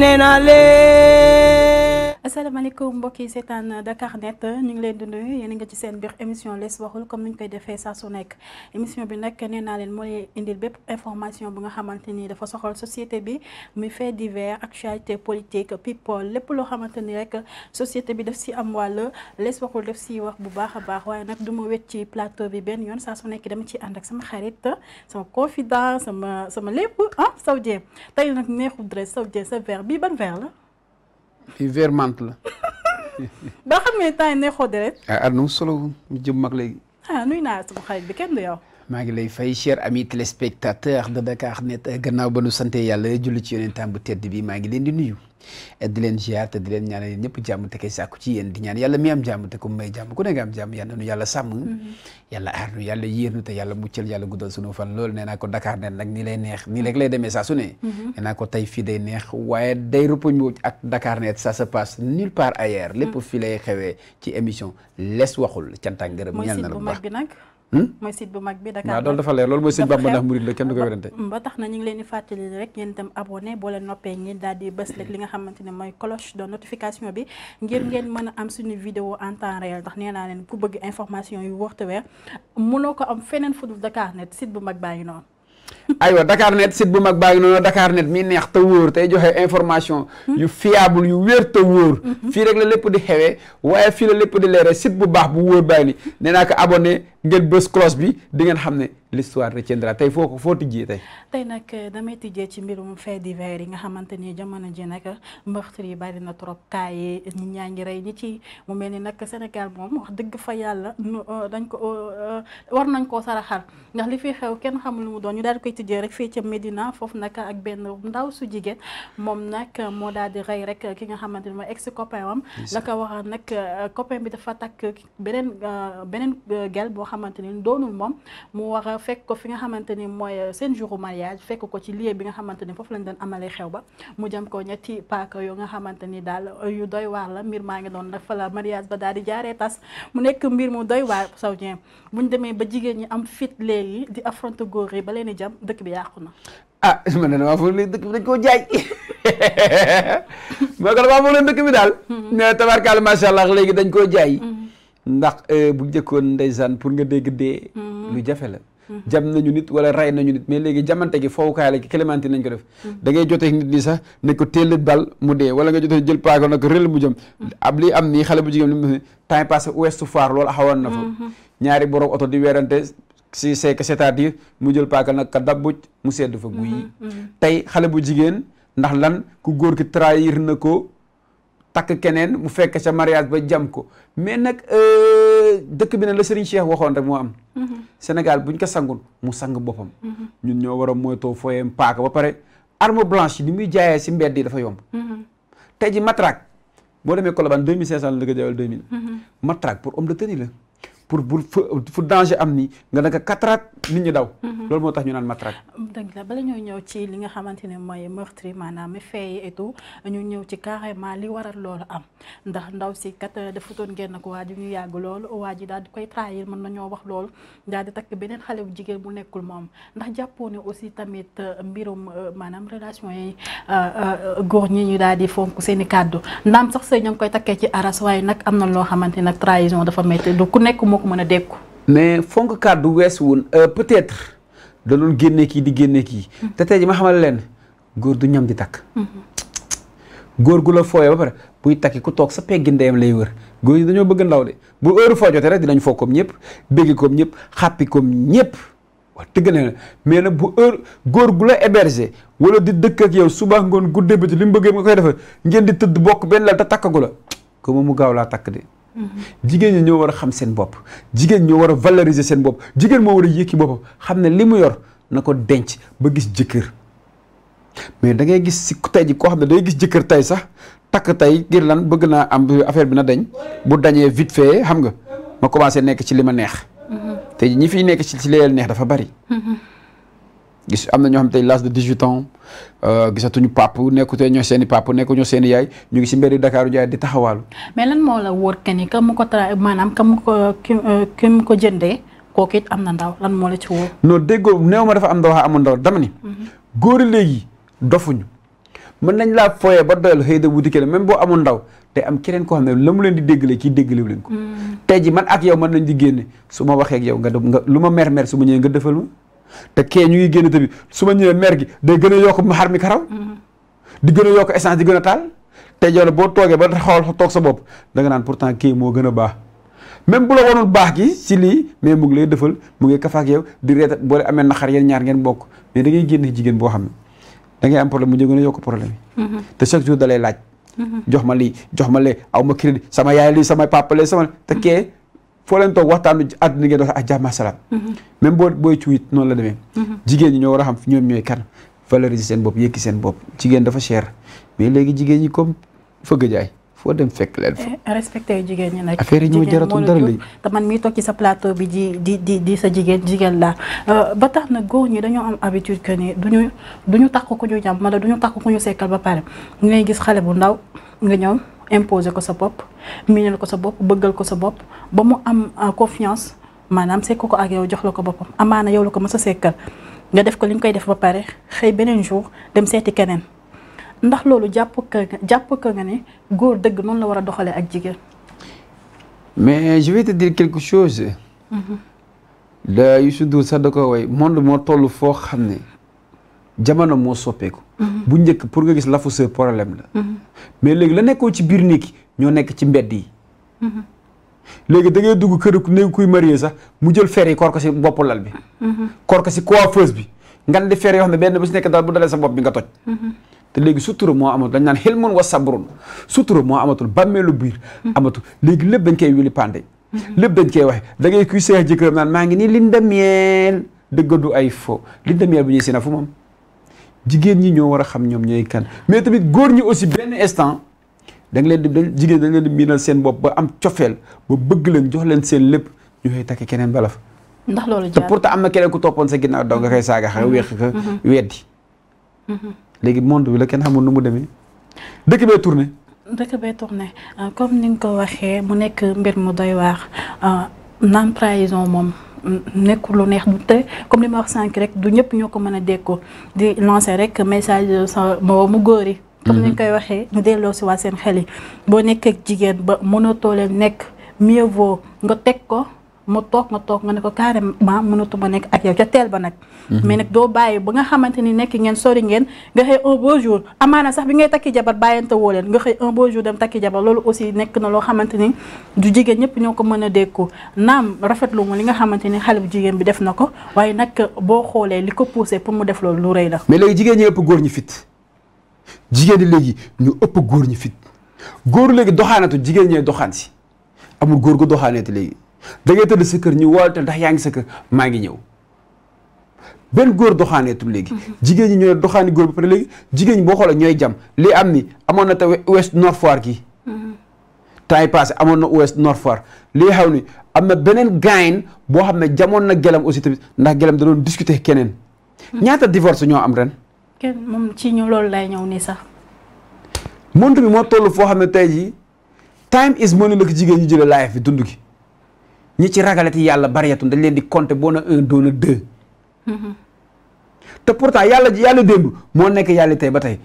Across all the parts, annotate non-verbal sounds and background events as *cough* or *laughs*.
nee naa leen asalaamaaleykum mbokk yi seetaan Dakar Net ñu ngi leen di nuyu yéen a ci seen biir émission lees waxul comme ni ñu koy defee saa su nekk émission bi nag nee naa leen bépp information bu nga xamante ni dafa soxal société bi muy fait divers actualité politique people lépp loo xamante ni rek société bi daf si am wàll lees waxul daf si wax bu baax a baax waaye nag du ma wét ci plateau bi benn yoon saa su nekk dama ciy ànd ak sama xarit sama confident sama sama lépp ah Sow Dieng tey nag neexul dress Sow Dieng sa verre bi ban verre la. fii Vermont la. ba xam nga ne yii neexoo deret. ah ah nu mu solo mu jëm mag léegi. ah nuy naa sama xarit bi kenn du yow. maa ngi lay fay chers amis téléspectateurs de Dakarnet gannaaw ba nu sante yàlla julli ci yonentam bu tedd bi maa ngi leen di nuyu di leen ziar te di leen ñaanal yéen ñëpp jàmm te koy sàkku ci yéen di ñaan yàlla mi am jàmm te ku may jàmm ku ne nga am jàmm yal na nu yàlla sàmm mm-hmm. yàlla aar nu yàlla yéer nu te yàlla muccal yàlla guddal sunu fan loolu nee naa ko Dakar ne nag nii lay neex nii rek lay demee saa ne mm-hmm. nee ko tey fii day neex waaye day repoñ ak Dakar net ça mm. na Hmm? mooy site bu mag bi Dakar waaw loolu dafa leer loolu mooy sëñ Bamba la kenn du ko werante ba tax na ñu ngi leen di fàttali rek ngeen itam abonné boo leen noppee ngeen daal di bës rek li nga xamante ne mooy cloche de notification bi ngir ngeen mën a am suñu vidéo en temps ndax nee naa leen ku bëgg information yu waxtu weer mënoo ko am feneen fu dul ne net site bu mag bàyyi ngi noonu aywa Dakar Net site bu mag baa ngi noonu Dakar neet mi neex te wóor tey joxe information. Hmm? yu fiable yu weer te wóor. Hmm? fii rek la lépp di xewee waaye fii la lépp di leere sit bu baax bu wóor baa ngi nii nee naa ko abonné ngeen bës cloche bi di ngeen xam ne. l'histoire retiendra tey foo tijjee tey. tey nag euh, damay tijjee ci mbirum fait divers yi nga xamante ni jamono ji nag meurtre yi bari na trop cas yi ñaa ngi rey ñi ci mu mel ni nag Sénégal moom wax dëgg fa yàlla euh, dañ ko euh, war nañ koo saraxal ndax li fi xew kenn xamul mu doon ñu daal di koy tijjee rek fii ca Médina foofu nag ak benn ndaw su jigéen moom nag moo daal di rey rek ki nga xamante ni mooy ex copain wam la ko wax nag copain bi dafa takk beneen beneen gel boo xamante doonul moom fekk ko fi nga xamante ni mooy euh, seen jouru mariage fekk ko ci lie bi nga xamante ni foofu lañ doon amalee xew ba mu jëm ko ñetti paaka yoo nga xamante ni daal euh, yu doy waar la mbir maa ngi doon nag fa la mariage ba daal di jaaree tas mu nekk mbir mu doy waar Saoudien bu ñu demee ba jigéen ñi am fit léegi di affronte góor yi ba leen di jam dëkk bi yàqu na. ah *laughs* man de damaa foog ne koo jaay *laughs* dëkk bi daal. Hmm. ne tabarkaale macha allah léegi dañ koo jaay. Hmm. ndax euh, bu njëkkoon ndeysaan pour nga dégg dee. Hmm. lu jafe la. Mhm. jam nañu nit wala ray nañu nit mais léegi jamante gi foowukaay la clémentine nañ ko def mhm. da ngay jotee nit nii sax ne ko téelat bal mu dee wala nga jotee jël paaka nag rël mu jëm mhm. ab li am nii xale bu jigéen li temps passé na fa ñaari borom oto di weerante si c'est que c'est-à-dire mu jël paaka nag ka dabbuj mu sedd fa guyi tey xale bu jigéen ndax lan ku góor ki trahir na ko takk keneen mu fekk sa mariage ba jam ko mais nag euh, dëkk bi ne la Serigne Cheikh waxoon rek moo am. Mhm. Sénégal buñ ko sangul mu sang boppam. Mhm. ñun ñoo war a moytoo fooyeem paaka ba pare arme blanche ni muy jaayee si mbedd yi dafa yomb. Mhm. tey ji matraque boo demee Colobane 2500 la nga jaayal 2000. matraque pour homme de tenue pour bu fu danger am ni nga naka catraque nit ñi daw. Mhm. loolu moo tax ñu naan matraque. dëgg la bala ñoo ñëw ci li nga xamante ne mooy meurtre maanaam fee yi et tout ñu ñëw ci carrément li waral loolu am ndax ndaw si kat dafa euh, doon génn ko waa ji ñu yàgg loolu waa ji daal di koy trahir mën nañoo wax loolu daal di takk beneen xale bu jigéen bu nekkul moom ndax jàppoo ne aussi tamit euh, mbirum euh, maanaam relation yi góor ñi ñu daal di fonk seen kaddu kàddu ndaam sax sëy ña ngi koy takkee ci aras waaye nag am na loo xamante nag moo ko mën a dékku mais fonk kàddu weesuwul euh, peut-être danoon génne kii di génne kii mm-hmm. te tey ji ma xamal leen góor du ñam di takk mm-hmm. góor gu la fooyee ba pare buy takki ku toog sa peggi ndeyam lay wër góor ñi dañoo bëgg ndaw de bu heure foo rek dinañ foo comme ñëpp béggi comme ñëpp xàppi comme ñëpp wax dëgg na mais nag bu heure góor gu la hébergé wala di dëkk ak yow suba ngoon guddee bëccëg li mu bëggee nga koy defal ngeen di tëdd bokk benn lal te takkagu la ko mu gaaw laa takk de jigéen ñi ñoo war a xam seen bopp jigéen ñoo war a valoriser seen bopp jigéen moo war a yëkki boppam xam ne li mu yor na ko denc ba gis jëkkër mais da ngay gis si tey ji koo xam ne day gis jëkkër tey sax takk tey ngir lan bëgg naa am affaire bi na dañ bu dañee vite fait xam nga ma commencé nekk ci li ma neex mhm. te ñi fi nekk ci ci leel neex dafa bari mhm. gis am na ñoo xam tey l'âge de 18 ans euh, gisatuñu papa nekkutee ñoo seen i papa nekkuñu i yaay ñu ngi si mbedd Dakar jaay di taxawaalu. mais moo la wóor que ka mu ko tra maanaam euh, it am na ndaw lan moo la ci wóor. non déggoo néew ma dafa am ndaw dama ni. Mhm. góor léegi dofuñu. mën nañ laa fooyee ba doyal xëy da wuti keneen même boo amoon ndaw te am keneen koo xam ne la mu leen di déggalee kii déggalewu leen ko. Mhm. tey ji man ak yow mën nañ di génne te kee ñu ngi génn tamit su ma ñëwee mer gi gën a yokk maxar mi karaw di gën a yokk essence di gën a taal te yow boo toogee ba xool toog sa bopp da nga naan pourtant kii moo a baax même bu la wanoon baax gi ci lii mais boo amee naxar yéen ñaar ngeen bokk mais da ngay génn jigéen boo xam ne da ngay am problème mu gën a yokk problème mm-hmm. te chaque jour da laaj mm-hmm. jox ma lii jox ma lee aw ma crédit sama yaay lii sama papa lii sama te kee foo leen toog waxtaanu àddina ngeen wax ah, ak jàmm salaam. Mm-hmm. boo booy cuit noonu la demee. Mm-hmm. jigéen ñi ñoo war a xam ñoom ñooy kan valoriser seen bopp yëkki seen bopp jigéen dafa cher mais léegi jigéen ñi comme fëgg jaay. foo dem fekk leen fa eh, respecté jigéen ñi nag affaire yi ñoo jaratul dara léegi man mii toog ci sa plateau bi di di di sa jigéen jigéen la euh, ba tax na góor ñi dañoo am habitude que ni duñu duñu takk ku ñu jàmm wala duñu takk ku ñu sekkal ba pare ngay gis xale bu ndaw nga ñëw imposer ko sa bopp miinal ko sa bopp bëggal ko sa bopp ba mu am euh, confiance maanaam sekk ko ak yow jox la ko boppam amaana yow la ko ma sa sekkal nga def ko li nga koy def ba pare xëy beneen jour dem seeti keneen ndax loolu jàpp ka jàpp ka nga ne góor dëgg noonu la war a doxalee ak jigéen. mais je vais te dire quelque chose. Mm-hmm. da ko way monde moo toll foo xam ne. jamono moo soppeeku. Mhm. bu njëkk pour nga gis lafu sër problème la. Mhm. mais léegi la nekkoo ci biir ki ñoo nekk ci mbedd yi. Mhm. léegi da ngay dugg kër néeg kuy marié sax mu jël fer yi koor ko si bopp lal bi. koor ko si coiffeuse bi. ngan di fer yoo xam ne benn bi si nekk daal bu dalee sa bopp bi nga toj. te léegi sutura moo amatul dañ naan xilmun wa sabrun sutura moo amatul bàmmeelu biir. amatul léegi lépp dañ koy wili pande. lépp dañ koy waxe da ngay kuy seex jëkkëram naan maa ngi nii lindamiel dëgg du ay fo lindamiel bu ñuy seen a fu moom jigéen ñi ñoo war a xam ñoom ñooy kan mais tamit góor ñi aussi benn instant da nga leen di dañ jigéen da nga leen di miinal seen bopp ba am cofeel ba bëgg leen jox leen seen lépp ñu koy takk keneen balaf. ndax loolu te pourtant am na keneen ku toppoon sa ginnaaw daw nga koy saaga xaw mm-hmm. weex ka mm-hmm. weddi. Mm-hmm. léegi monde bi kenn xamul nu mu demee dëkk bee tourné. dëkk bee tourné euh, comme ni nga ko waxee mu nekk mbir mu doy waar euh, naan trahison moom. nekkul lu neex te comme li ma wax sànq rek du ñëpp ñoo ko mën a dékku di lancer rek message sa moroomu góor yi. comme ni koy waxee ñu delloo si waa seen xel yi boo nekk ak jigéen ba mënatoo leen nekk mieux vaut nga teg ko. mu toog nga toog nga ne ko carrément mënatuma nekk ak yow ca teel ba nag mhm. mais nag doo bàyyi ba nga xamante ni nekk ngeen sori ngeen nga xëy un beau jour amaana sax bi ngay takki jabar bàyyante woo leen nga xëy un beau jour dem takki jabar loolu aussi nekk na loo xamante ni du jigéen ñëpp ñoo ko mën a dékku naam rafetlu mu li nga xamante ni xale bu jigéen bi def na ko waaye nag boo xoolee li ko poussé pour mu def loolu lu rëy la mais léegi jigéen ñi ëpp góor ñi fit jigéen ñi léegi ñu ëpp góor ñi fit góor léegi doxaanatu jigéen ñee doxaan si amul góor gu doxaaneeti léegi da ngay tëdd sa kër ñu woote ndax yaa ngi sa kër maa ngi ñëw benn góor doxaanee doxaaneetul léegi mhm. jigéen ñi ñooy doxaani góor ba pare léegi jigéen ñi boo xoolee ñooy jam lii am ni amoon na te Ouest Nord Foire gi mhm. temps yi amoon na Ouest Nord Foire xaw ni am na beneen gaayin boo xam ne jamoon na gelam aussi tamit ndax gelam da doon keneen mhm. ñaata divorce ñoo am ren ci ñu loolu lay sax monde bi moo toll foo xam ne tey jii time is money la ko jigéen ñu jëlee life fi dund ki ñi ci ragalati yàlla bariatul dañ leen di compter boo na un doon te pourtant yàlla ji yàlla démb moo nekk yàlla tey ba tey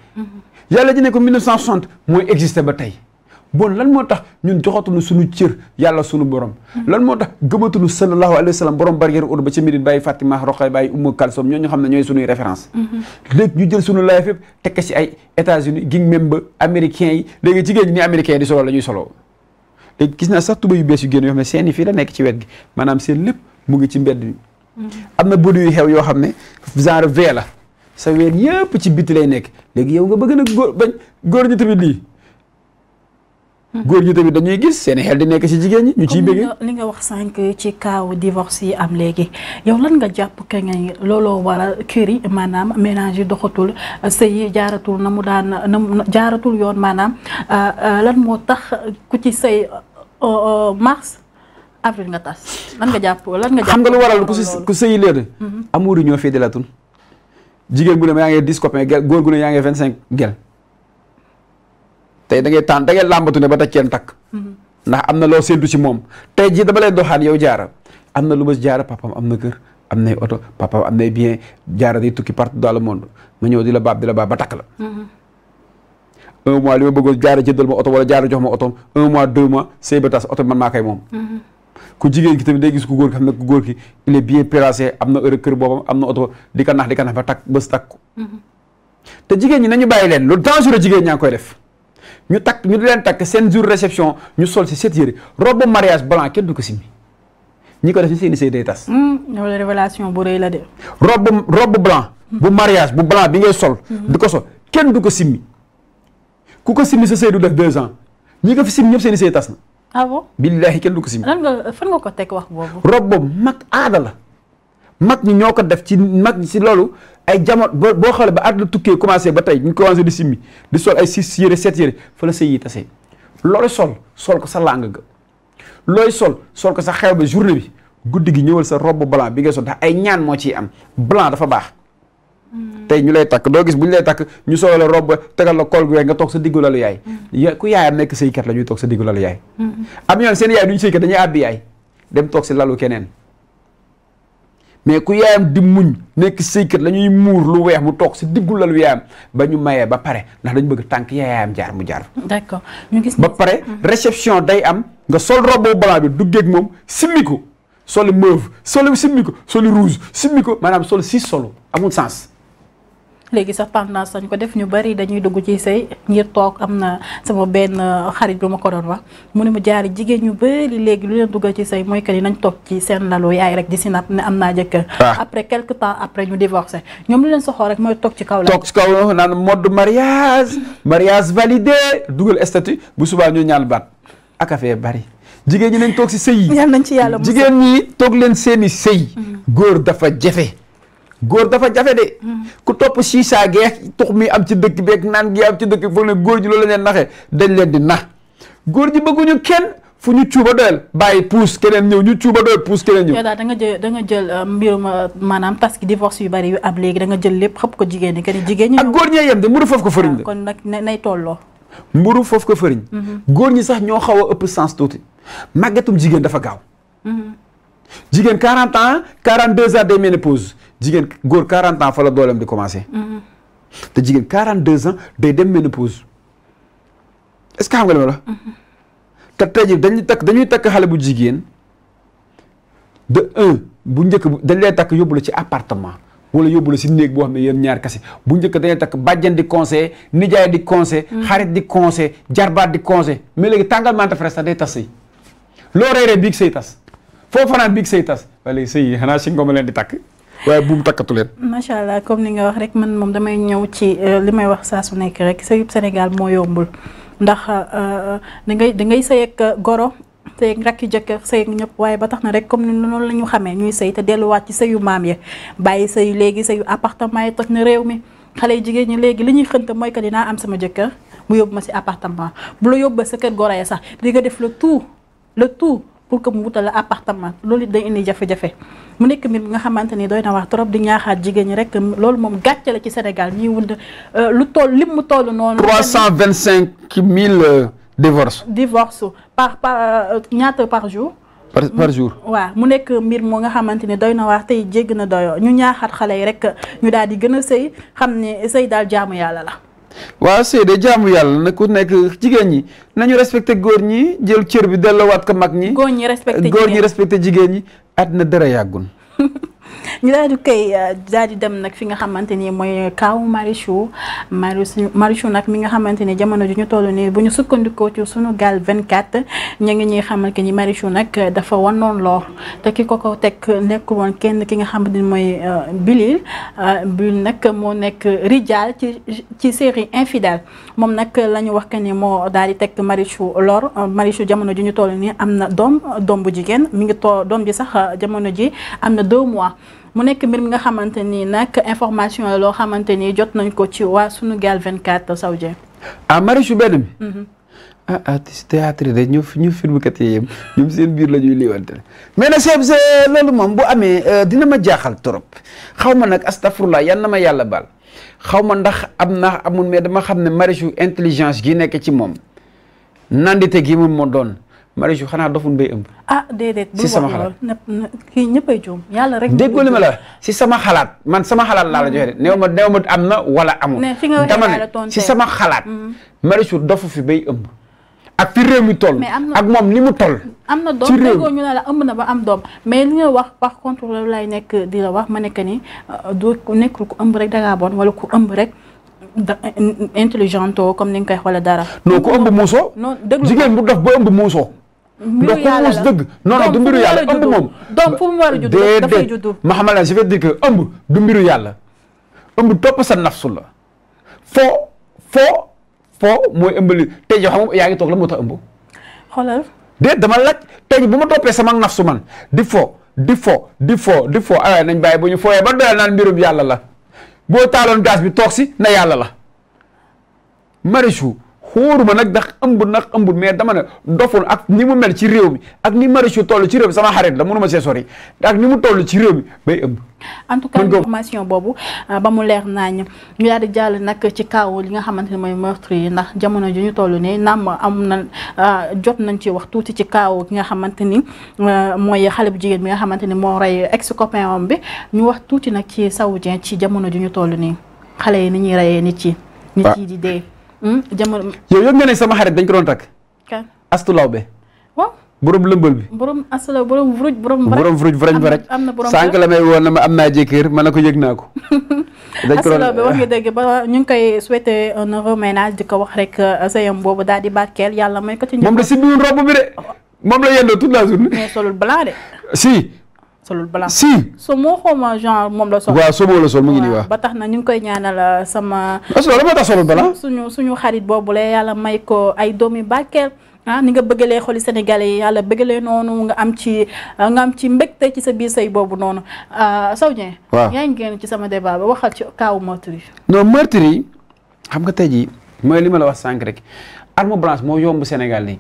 yàlla ji nekk 1960 mooy existé ba tey bon lan moo tax ñun joxatuñu suñu cër yàlla suñu borom lan moo tax gëmatuñu sallallahu alayhi wa sallam borom barrière ur ba ci midit bàyyi Fatima Roqay bàyyi Ummu Kalsom ñoo xam ne ñooy suñuy référence léegi ñu jël suñu life yëpp tekk ci ay États-Unis gi même ba américains yi léegi jigéen ñi ni américains di solo la ñuy solo te gis naa sax tuba yu bees yu génn yoo xam ne seen fii la nekk ci wet gi maanaam seen lépp mu ngi ci mbedd mi mm-hmm. am na bëri yu xew yoo xam ne genre V la sa ween yëpp ci biti lay nekk léegi yow nga bëgg na góor bañ góor ñi tamit lii mm-hmm. góor ji tamit dañuy gis seen xel di nekk ci jigéen ñi ñu ciy bëgg li nga wax sànq ci kaaw divorce yi am léegi yow lan nga jàpp ke nga looloo waral kër yi maanaam ménage doxatul sëy yi jaaratul na mu daan na jaaratul yoon maanaam euh, euh, mars avril nga tas lan nga jàpp lan nga jàpp xam lu waral ku si ku sëyi léer mhm. ñoo fii la tun jigéen gu ne yaa ngi dix copain gel góor gu ne yaa ngi vingt cinq gel tey da ngay tànn da ngay làmbatu ba daj ceen takk mhm. ndax am na loo séntu ci moom tey jii dama lay doxaan yow jaara am na lu ma jaara papaam am na kër am nay oto papaam am nay bien jaara day tukki partout dans le monde ma ñëw di la baab di la baab ba takk la mhm. un mois li ma bëggoon jaara jëndal ma oto wala jaara jox ma oto un mois deux mois sëy ba tas oto bi man maa koy mm-hmm. ku góor ki am na heure kër boobam am na oto ba di ka nax di ka nax ba takk bés takk mm-hmm. te jigéen ñi nañu bàyyi leen loolu dangereux jigéen ñaa ngi koy def ñu takk ñu di leen takk seen jour réception ñu sol si set yére robe mariage blanc kenn du ko simmi ñi ko def ni seeni sëy day tas mm, loolu révélation bu rëy la de robe robe blanc bu mm-hmm. mariage bu blanc bi ngay sol di ko sol kenn du ko simmi ku ko simmi sa sëy du def deux ans ñi ko fi simmi ñëpp seen i sëy tas na. ah billaahi kenn du ko simmi. lan nga fan nga ko teg wax boobu. rob boobu mag aada la mag ñi ñoo ko def ci mag si loolu ay jamono boo xoolee ba àdduna tukkee commencé ba tey ñu commencé di simmi di sol ay six yére sept yére fa la sëy yi tasee loolu sol sol ko sa làng ga looy sol sol ko sa xew ba journée bi guddi gi ñëwal sa robe blanc bi nga sol ndax ay ñaan moo ciy am blanc dafa baax. Mm. tey ñu lay takk doo gis bu ñu lay takk ñu solo la robb tegal la kool gu weex nga toog sa diggu lalu yaay mm. ku yaayam nekk sëykat la ñuy toog sa diggu lalu yaay mm. am ñoon seen yaay duñu sëykat dañuy àbbi yaay dem toog si lalu keneen mais ku yaayam di muñ nekk sëykat la ñuy muur lu weex mu toog si diggu lalu yaayam ba ñu mayee ba pare ndax dañu bëgg tànk yaayam jaar mu jaar d'accord ñu gis ba pare réception day am nga sol robb bu blanc bi duggeeg moom simmi ko soli mauve soli simmi ko soli rouge simmi ko maanaam sol si solo amul sens léegi sax tendance sañ ko def ñu bari dañuy dugg ci sëy ngir toog am na sama benn xarit bu ma ko doon wa mu ne mu jaari jigéen ñu bari léegi lu leen duggal ci sëy mooy que nañ toog ci seen lalu yaay rek di sinap ne am naa jëkkër ah. après quelque temps après ñu divorcé ñoom lu leen soxoo rek toog ci kaw la toog ci kaw naan mode mariage mariage validé dugal statut bu subaa ñu ñaan baat ak affaire bari jigéen ñi toog si sëy yi jigéen ñi toog leen seeni sëy mm. góor dafa jafe góor dafa jafe de. Mm. ku topp siisaa geex tux mi am ci dëkk beeg naan gi am ci dëkk foog ne góor ji loolu leen naxee dañ leen di na góor ji bëgguñu kenn fu ñu cuuba doyal bàyyi puus keneen ñëw ñu cuuba doyal puus keneen ñëw. yow nga jël da nga jël euh, mbirum euh, maanaam parce que divorce yu bari yu ab léegi da nga jël lépp xëpp ko jigéen ñi que ni jigéen ñi. ak góor ñee yem de mburu foofu ko fëriñ la ah, kon nag nay tolloo. foofu ko fëriñ. Mm-hmm. góor ñi sax ñoo xaw a ëpp sens tuuti màggatum jigéen dafa gaaw. Mm-hmm. jigéen 40 ans 42 ans day ménopause jigéen góor 40 ans fa la di commencé. Mm-hmm. te jigéen 42 ans day dem ménopause est-ce que xam nga la. Mm-hmm. te tey jii dañuy takk dañuy takk xale bu jigéen de un bu njëkk dañ lay takk yóbbu la ci appartement wala yóbbu la si néeg boo xam ne yéen ñaar kese bu njëkk dañuy takk bàjjen di conseil nijaay di conseil. Mm-hmm. xarit di conseil jarbaat di conseil mais tàngal mante frère sax day tas sëy loo reeree biig sëy tas foo biig sëy tas waaye léegi sëy yi xanaa si leen di takk. waaye buum takkatu leen. macha allah comme ni nga wax rek man moom damay ñëw ci euh, li may wax saa su nekk rek sëyub Sénégal moo yombul ndax euh, euh, da ngay da ngay sëy ak goro. sëy ak rakki jëkkër sëy ak ñëpp waaye ba tax na rek comme ni noonu la ñu xamee ñuy sëy te delluwaat ci sëyu maam ya bàyyi sëyu léegi sëyu appartement yi toj na réew mi xale yu jigéen ñi léegi li ñuy xënt mooy que dinaa am sama jëkkër mu yóbbu ma si appartement bu la yóbbu ba sa kër goro ya sax di nga def le tout le tout pour que mu wutal appartement loolu it day indi jafe-jafe mu nekk mbir bi nga xamante ni doy na wax trop di ñi rek loolu moom gàcce la ci Sénégal ñuy wund euh, lu toll lim mu toll noonu. 325 000 euh, divorces. divorces par par euh, ñaata par jour. par jour. waaw mu nekk mbir moo nga xamante ni doy na waar tey jégg na doyoo ñu ñaaxaat xale yi rek ñu daal di gën a sëy xam ne sëy daal jaamu yàlla la. waaw seede jaamu yàlla na ku nekk jigéen ñi nañu respecté góor ñi jël cër bi delloowaat ko mag ñi góor ñi respecté jigéen ñi àddina dara yàggun *laughs* ñu daal di koy euh, daal di dem nag fi nga xamante ni mooy kaawu Marichou Marichou nag mi nga xamante ni jamono ji ñu toll nii bu ñu sukkandikoo ci sunu vingt 24 ñu ngi ñuy xamal ni Marichou nag euh, dafa wanoon loor te ki ko ko teg nekkul woon kenn ki nga xamante ni mooy euh, Bilil Bilil nag moo nekk Rijal ci ci série Infidèles moom nag la ñu wax que ni moo daal di teg Marichou loor Marichou jamono ju ñu toll nii am na doom doom bu jigéen mi ngi too doom ji sax jamono ji am na deux mois. mu nekk mbir mi nga xamante nii nag information loo xamante ni jot nañ ko ci waa Sunugal 24 Saoudien. ah Marichou benn bi. Mhm. ah ah théâtre de ñu ñu film kat yi ñoom seen biir la ñuy liwante mais na seeb se loolu moom bu amee euh, dina ma jaaxal trop xaw ma nag astafurlah yal na ma yàlla bal xaw ma ndax am na amul mais dama xam ne Marichou intelligence gi nekk ci moom nandite gi moom moo doon. Marichou xanaa doful bay ëmb. ah déedéet bu wax lool kii ñëppay juum yàlla rek. déggoo li ma la si sama xalaat man sama xalaat laa la joxe de mm. néew ma néew ma am na wala amul. dama si sama xalaat. Mm. Marichou dofu fi bay ëmb. ak fi réew mi toll ak moom li mu toll. am na doom déggoo ñu ne la ëmb na ba am doom mais li nga wax par contre loolu laay nekk di la wax ma nekk ni euh, doo nekkul ku ëmb rek dangaa bon wala ku ëmb rek. da intelligent comme ni nga koy wax dara. non ku ëmb muusoo. non dëgg jigéen bu dof ba ëmb muusoo. donc ku muus dëgg non non du mbiru yàlla ëmb moom a judd dafay judd ma xamal la je veux dire que ëmb du mbiru yàlla sa nafsu la foo foo foo mooy ëmb li yaa ngi toog la moo tax ëmb xoolal déet dama laaj tey bu ma toppee sama nafsu man di fo di foo di foo di fo ay nañ bàyyi bu ñu fooyee ba doyal naan mbirum yàlla la boo taaloon gaz bi toog si na yàlla la Marichou xóoruma nag ndax ëmbul nag ëmbul mais dama ne doful ak ni mu mel ci réew mi ak ni Marichou toll ci réew mi sama xarit la mënuma see sori ak ni mu toll ci réew mi bay ëmb. en tout cas information boobu ah, ba mu leer nañ ñu daal di jàll nag ci kaw li nga xamante ne mooy meurtre yi ndax jamono ju ñu toll nii naam am na ah, jot nañ ci wax tuuti ci kaw ki nga xamante ni ah, mooy xale bu jigéen bi nga xamante ni moo rey ex copain bi ñu wax tuuti nag ci saoudien ci jamono ji ñu toll nii xale yi ni ñuy reyee nit yi. nit yi di dee. Hmm? jamono yow yëg nga ne sama xarit dañ ko doon takk. kan Astu Lawbe. waaw borom lëmbal bi. borom Astu Lawbe borom vuruj borom. borom vuruj varañ varañ. am na borom sànq la may woon na ma am naa jëkkër ma na ko yëg naa ko. *laughs* dañ ko doon wax nga dëgg ba ñu ngi koy souhaiter un heureux naa di ko wax rek euh, yam boobu daal di barkeel yàlla may ko ci. moom de si biir robe bi de solul balaa de. si. solul blanc. si so moo xawma genre moom la sol. waaw so moo la sol mu ngi nii waaw. ba tax na ñu ngi koy la uh, sama. asalaamaaleykum la moo tax solul blanc. suñu suñu xarit boobu la yàlla may ko ay doomi Bakel. ah ni nga bëggalee xoli Sénégalais yi yàlla bëggalee noonu nga am ci uh, nga am ci tey ci sa biir say boobu noonu uh, saw Dieng. waaw yaa ngi génn ci sama débat ba waxal ci kaawu meurtre yi. non meurtre yi xam nga tey ji mooy li ma la wax sànq rek arme blanche moo yomb Sénégal léegi.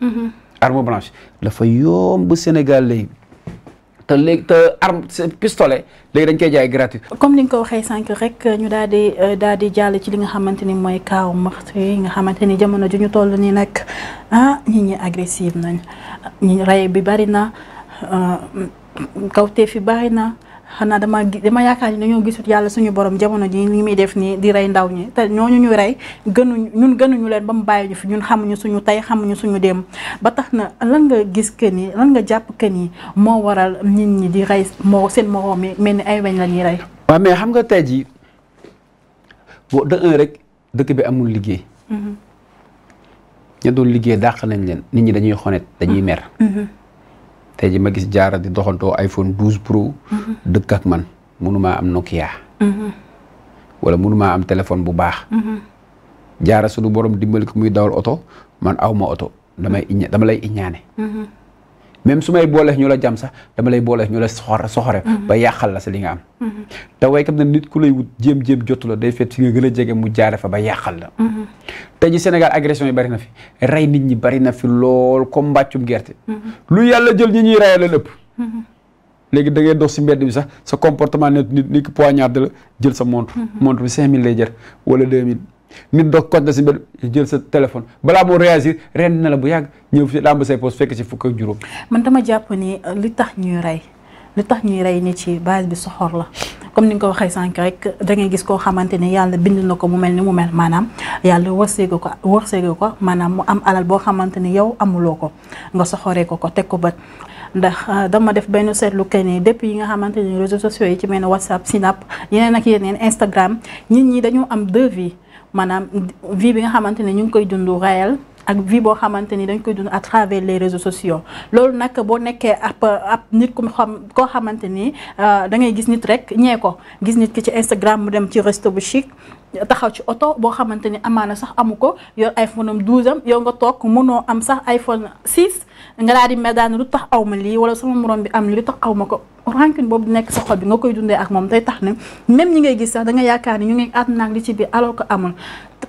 Mm-hmm. arme blanche te léegi te arme pistolet léegi jaay gratuit. comme ni nga ko waxee sànq rek ñu daal di euh, daal di jàll ci li nga xamante ni mooy kaaw maxtu yi nga xamante ni jamono ju ñu toll nii nag ah nit ñi agressive nañ ñi rey bi bari na euh, kawte bari na. xanaa dama dama yaakaar ni dañoo gisut yàlla suñu borom jamono ji li muy def nii di rey ndaw ñi te ñoo ñu ñu rey gënuñ ñun gënuñu leen ba mu bàyyi ñu fi ñun xamuñu suñu tey xamuñu suñu dem ba tax na lan nga gis que ni lan nga jàpp que ni moo waral nit ñi di rey moo seen moroom yi mel ni ay weñ la ñuy rey. waaw mais xam nga tey jii boo de un rek dëkk bi amul liggéey. Mm-hmm. ña liggéey dàq nañ leen nit ñi dañuy xonet dañuy mer. Mm-hmm. tey ji ma gis jaara di doxantoo iPhone 12 Pro. dëkk ak man mënumaa am Nokia. wala maa am téléphone bu baax. jaara suñu borom dimbali ko muy dawal oto man aw ma oto damay iña dama lay iñaane. même su may booleex ñu la jam sax dama lay booleex ñu la soxore soxore ba yàqal la si li nga am te waykat na nit ku lay wut jéem-jéem jotu day fet fi nga gën a jege mu jaare fa ba yàqal la te ji Sénégal agression yi bari na fi rey nit ñi bari na fi lool comme mbàccum gerte. Mm-hmm. lu yàlla jël ñi ñuy rey la lépp. Mm-hmm. léegi da dox si mbedd bi sax sa comportement nit nit nit ki poignarde la jël sa montre. Mm-hmm. montre bi 5000 lay jar wala 2000. nit dox kont na si mbedd jël sa téléphone balaa moo réagir ren na la bu yàgg ñëw fi làmb say poos fekk si fukk ak juróom. man dama jàpp ni euh, li tax ñuy rey li tax ñuy rey nit ci base bi soxor la. comme ni nga ko waxee sànq rek dangay gis koo xamante ne yàlla bind na ko mu mel ni mu mel maanaam yàlla wërsëgu ko wërsëgu ko maanaam mu am alal boo xamante ne yow amuloo ko nga soxoree ko ko teg ko bët ndax ah, dama def benn seetlu que ne yi nga xamante ne réseaux sociaux yi ci mel ne si Snap yeneen ak yeneen Instagram nit ñi dañu am deux vies maanaam vie bi nga xamante ne ñu ngi koy dund réel ak vie boo xamante ni dañ koy dund à travers les réseaux sociaux loolu nag boo nekkee ab ab nit ku xam koo xamante ni euh, da ngay gis nit rek ñee ko gis nit ki ci Instagram mu dem ci resto bu chic taxaw ci oto boo xamante ni amaana sax amu ko yor iPhone am 12 am yow nga toog mënoo am sax iPhone 6 nga daal di mel daal lu tax aw ma lii wala sama morom bi am lu tax aw ma ko. rancune boobu di nekk sa xol bi nga koy dundee ak moom day tax ne même ñi ngay gis sax da nga yaakaar ni ñu ngi at naag li ci biir alors que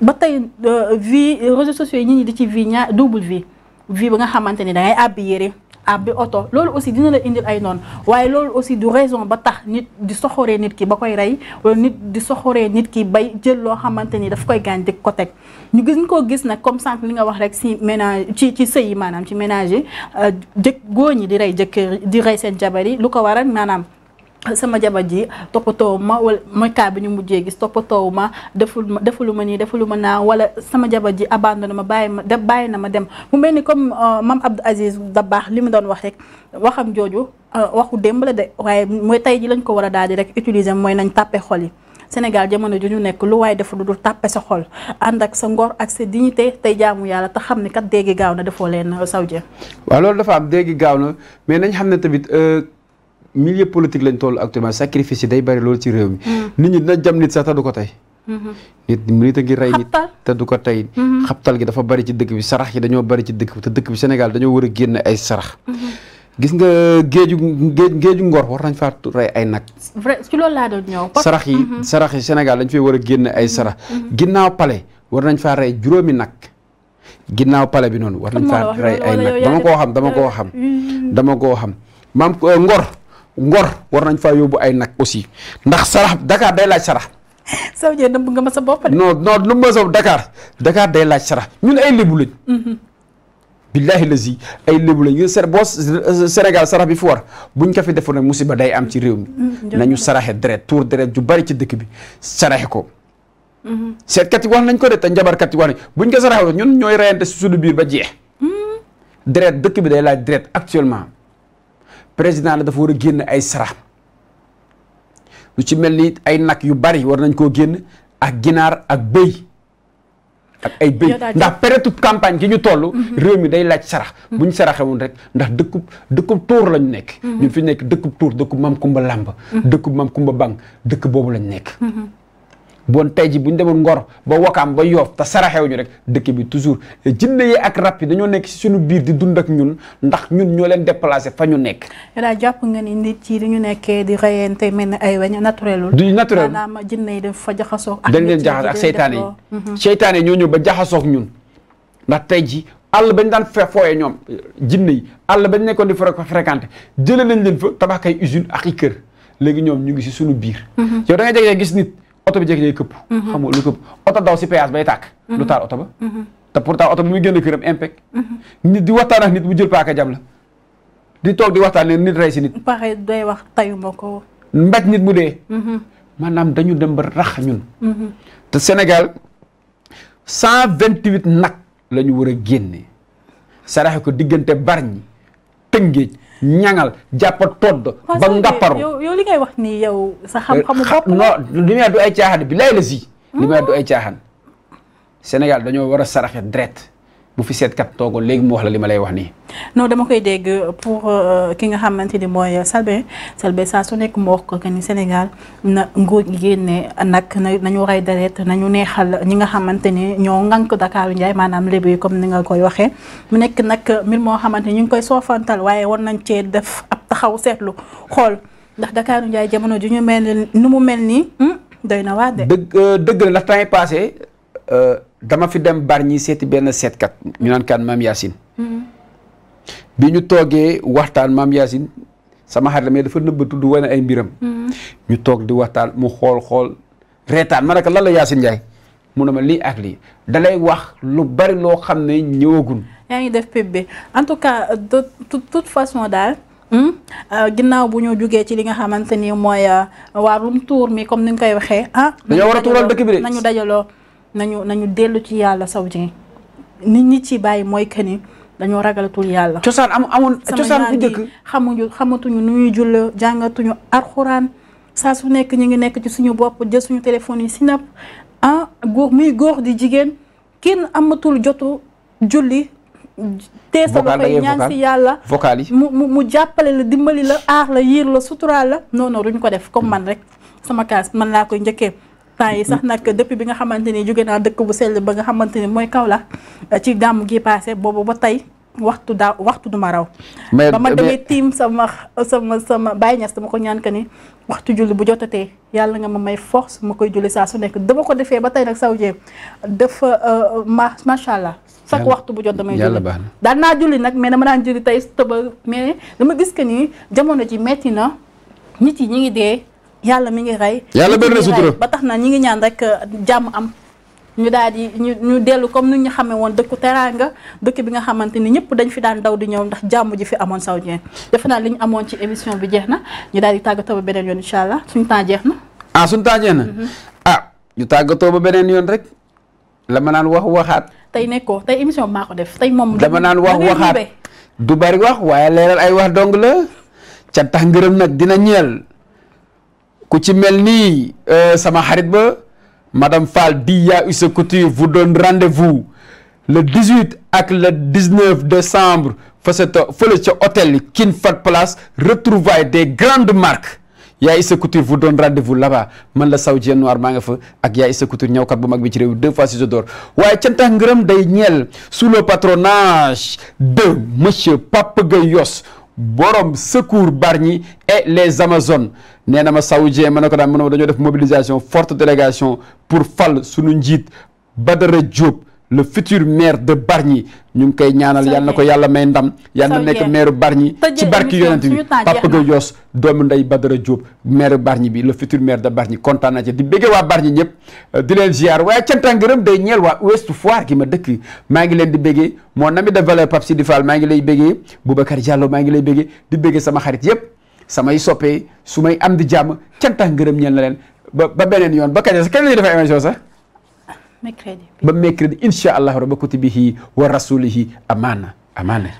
ba tey euh, vie réseaux sociaux yi ñi di ci vie ñaar double vi vie ba nga xamante ni da ngay àbbi yére abbi oto loolu aussi dina la indil ay noonu waaye loolu aussi du raison ba tax nit di soxoree nit ki ba koy rey nit di soxoree nit ki bay jël loo xamante ni daf koy gaañ di ko teg ñu gis ñu ko gis nag comme sànq li nga wax rek si ménage ci ci sëy yi maanaam ci ménage yi euh, jëkk góor ñi di rey jëkk di rey seen jabar yi lu ko waral maanaam sama jabar ji toppatoo ma wala mooy kaa bi ñu mujjee gis toppatoo ma deful ma defulu ma nii defulu ma naa wala sama jabar ji abandonné ma bàyyi ma def bàyyi na ma dem mu mel ni comme euh, mam Abdou Aziz baax li mu doon wax rek waxam jooju euh, waxu démb la de waaye mooy tey ji lañ ko war a daal di rek utiliser mooy nañ tàppe xol yi Sénégal jamono ju ñu nekk lu waaye def lu dul tàppe sa xol ànd ak sa ngor ak sa dignité tey tey jaamu yàlla te xam ne kat déggi gaaw na defoo leen euh, saw je loolu na mais nañ milieu politique lañ toll actuellement sacrifice yi day bari loolu ci réew mi. Hmm. nit ñi dina jam nit sax te du ko tey. Hmm. nit nit a gi rey nit te du ko tey. Hmm. xabtal gi dafa bari ci dëkk bi sarax yi dañoo bari ci dëkk bi te dëkk bi Sénégal dañoo war a génn ay sarax. gis nga géeju géej géeju ngor war nañ faa ay nag. laa doon sarax yi sarax yi Sénégal dañ fay war a génn ay sarax. ginnaaw pale war nañ faa rey juróomi nag. ginnaaw pale bi noonu war nañ faa rey ay nag dama koo xam dama koo xam. dama koo xam maam euh, ngor. ngor war nañ faa yóbbu ay nag aussi ndax sarax Dakar day laaj sarax. Sow Dieng nëbb ma sa bopp de. non non nëbb ma sa Dakar day laaj sarax ñun ay lébu lañ. Mhm. la lazi ay lébu lañ ñun Sén boo Sénégal sarax bi fu war buñ ko fi defoon nag musiba day am ci réew mi. Mhm, nañu saraxe deret tuur deret ju bari ci dëkk bi saraxe ko. Mhm. seetkat yi wax nañ ko de te njabarkat yi wax nañ buñ ko saraxee ñun ñooy reyante si suñu biir ba jeex. deret dëkk bi day laaj deret actuellement. président ne dafa war a génn ay sara lu ci mel ni ay nag yu bari war nañ koo génn ak ginaar ak bëy ak ay béy ndax période campagne gi ñu toll mhm. réew mi day laaj sarax mhm. bu ñu saraxewoon rek ndax dëkku dëkkub tuur lañu nekk mhm. ñu fi nekk dëkkub tuur dëkkub mam kumba làmb dëkku mam kumba bank dëkk boobu lañu nekk bon tey ji bu ñu demoon Ngor ba Wakaam ba Yoof te saraxew ñu rek dëkk bi toujours jinne yi ak rab yi dañoo nekk si suñu biir di dund ñun ndax ñun ñoo leen déplacé fa ñu nekk. daal jàpp nga ni nit yi dañu nekkee di reyante mel ni ay weñ naturelul. du naturel maanaam jinne yi dañ fa jaxasoo. ak dañ leen jaxasoo ak seytaane yi. Mhm. seytaane ñoo ñëw ba jaxasoo ñun ndax tey ji àll bañ daan fe fooyee ñoom euh, jinne yi àll bañ nekkoon di fréquenté jëlee nañ leen fa tabax kay usine ak i kër léegi ñoom ñu ngi si suñu biir mhm. yow da nga jege gis nit oto bi jékki-jékki këpp mhm. xam nga lu këpp oto daw si péage bay tàkk mhm. lu taal oto ba mhm. te pourtant oto bi muy génn këram impec nit di waxtaan ak nit mu jël paaka jam la di toog di waxtaan ne nit rey si nit pare doy wax tayuma ko mbaj nit mu dee maanaam dañu dem ba rax ñun te Sénégal cent vingt huit nag la ñu war génne saraxe ko diggante Bargny Tëngéej ñaŋal jàpp todd ba ngapparu yow li ngay wax nii yow sa xam-xamu eh, bopp non li may du ay caaxaan bi lay la si li may du ay caaxaan Sénégal dañoo war a saraxe dret bu fi seetkat toogoon léegi mu wax la li ma lay wax nii. non dama koy dégg pour euh, ki nga xamante ni mooy Selbé Selbé saa su nekk mu wax ko que ni Sénégal na nguur gi génne nag nañu rey deret nañu neexal ñi nga xamante ni ñoo ŋànk Dakaaru Njaay maanaam lébu yi comme ni nga koy waxee mu nekk nag mbir moo xamante ni ñu ngi koy soofantal waaye war nañ cee def ab taxaw seetlu xool ndax Dakaaru Njaay jamono ju ñu mel ni nu mu mel nii hmm, doy na waa de. dëgg dëgg la ndax temps dama fi dem bar Bargny seeti benn seetkat ñu naan kaan maam Yacine. bi ñu toogee waxtaan maam Yacine sama xarit la mais dafa nëbbatu du wane ay mbiram. ñu toog di waxtaan mu xool xool reetaan ma ne ko la Yacine Ndiaye mu ne ma lii ak lii dalay wax lu bari loo xam ne ñëwagul. yaa ngi def pub bi en tout cas de toute façon daal. Hmm, euh, ginnaaw bu ñu jugee ci li nga xamante ni mooy euh, wàllum tuur mi comme ni nga koy waxee. Ah, dañoo war a tuural dëkk bi de nañu dajaloo. nañu nañu dellu ci yàlla saw ji nit ñi ci bàyyi mooy que dañoo ragalatul yàlla. cosaan am amoon cosaan bu njëkk xamuñu xamatuñu nu ñuy jull jàngatuñu arxuraan saa su nekk ñu ngi nekk ci suñu bopp jël suñu téléphone yi sinap ah góor muy góor di jigéen kenn amatul jotu julli. tee sa loxo yi ñaan yàlla vocal yi mu mu jàppale la dimbali la aar la yiir la suturaal la non non ko def comme man rek sama kaas man laa koy njëkkee. temps yi sax nag depuis bi nga xamante ni jóge naa dëkk bu sell ba nga xamante ni mooy la eh, ci gàmm gi paase boobu ba tey waxtu daaw waxtu du ma raw. ba ma demee tiim sama sama sama Baye Niass dama ko ñaan ka ni waxtu julli bu jot jotatee yàlla nga ma may force ma koy julli saa su nekk dama ko defee ba tey nag saw jee dafa euh, ma macha allah. sax waxtu bu jot damay julli daan naa julli nag mais dama daan julli tey tëba mais dama gis que ni jamono ji metti na nit yi ñi ngi dee. yàlla mi ngi rey. yàlla benn sutura ba tax na ñu ngi ñaan rek uh, jàmm am. ñu daal di ñu ñu dellu comme ni ñu xamee woon dëkku teraanga dëkk bi nga xamante ni ñëpp dañ fi daan daw di ñëw ndax jàmm ji fi amoon Saoudien defe naa li ñu amoon ci émission bi jeex na ñu daal di tàggatoo ba beneen yoon incha allah suñu jeex na. ah suñu temps na. Mm-hmm. ah ñu tàggatoo ba beneen yoon rek la ma naan wax waxaat. tey nekkoo tey émission bi maa ko def tey moom. dama naan wax waxaat du bari wax waaye leeral ay wax dong la ca tax ngërëm nag dina ñeel. ku ci mel ni euh, sama xarit ba madame Fall Diya Issa Couture vous donne rendez-vous le 18 ak le 19 décembre fële ca fële ca hôtel King fat Palace retrouvailles des grandes marques Yaa Issa Couture vous donne rendez-vous là-bas man la Saoudien Noir maa nga fa ak Yaa Issa Couture kat bu mag bi ci réew deux fois Ciseaux waaye cantax ngërëm day ñeel sous le patronage de monsieur Pape Gueye Yoss borom bar Bargny et les Amazones nee na ma saoudien ma ne ko daan ma ne ma def mobilisation forte délégation pour fal suñu njiit Badara Diop le futur maire de Bargny ñu ngi koy ñaanal yal na ko yàlla may ndam yal na nekk maire Bargny ci barki yonent bi Papa Gueye Yoos doomu ndey Badara Diop maire Bargny bi le futur maire de Bargny kontaan na di béggee waa Bargny ñëpp euh, di leen ziar waaye cantaa ngërëm day ñeel waa Ouest Foire gi ma dëkk maa ngi leen di béggee moo nami de valeur Pape Sidi Fall maa ngi lay béggee Boubacar Diallo maa ngi lay béggee di béggee sama xarit yëpp samay soppee su may am di jàmm cantaa ngërëm na leen ba ba beneen yoon ba kañ sax sax mercredi ba mercredi incha allah rabbi kutubihi wa rasulihi amaana amaana.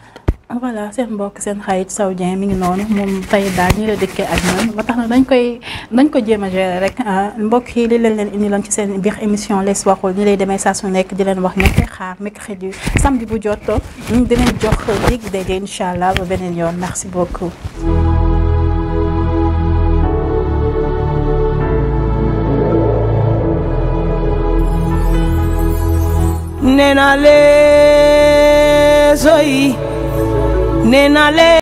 Ah, voilà seen mbokk seen xarit Sow Dieng mi ngi noonu moom tey daal ñi la dëkkee ak ñoom ba tax na dañ koy dañ ko jéem a gérer rek ah, mbokk yi li leen leen indiloon ci seen biir émission les waxul ñu lay demee saa su nekk di leen wax ngeen koy xaar mercredi samedi bu jot ñu dinañ jox dig daje allah ba beneen yoon merci beaucoup. nee naa leen sooy nee naa leen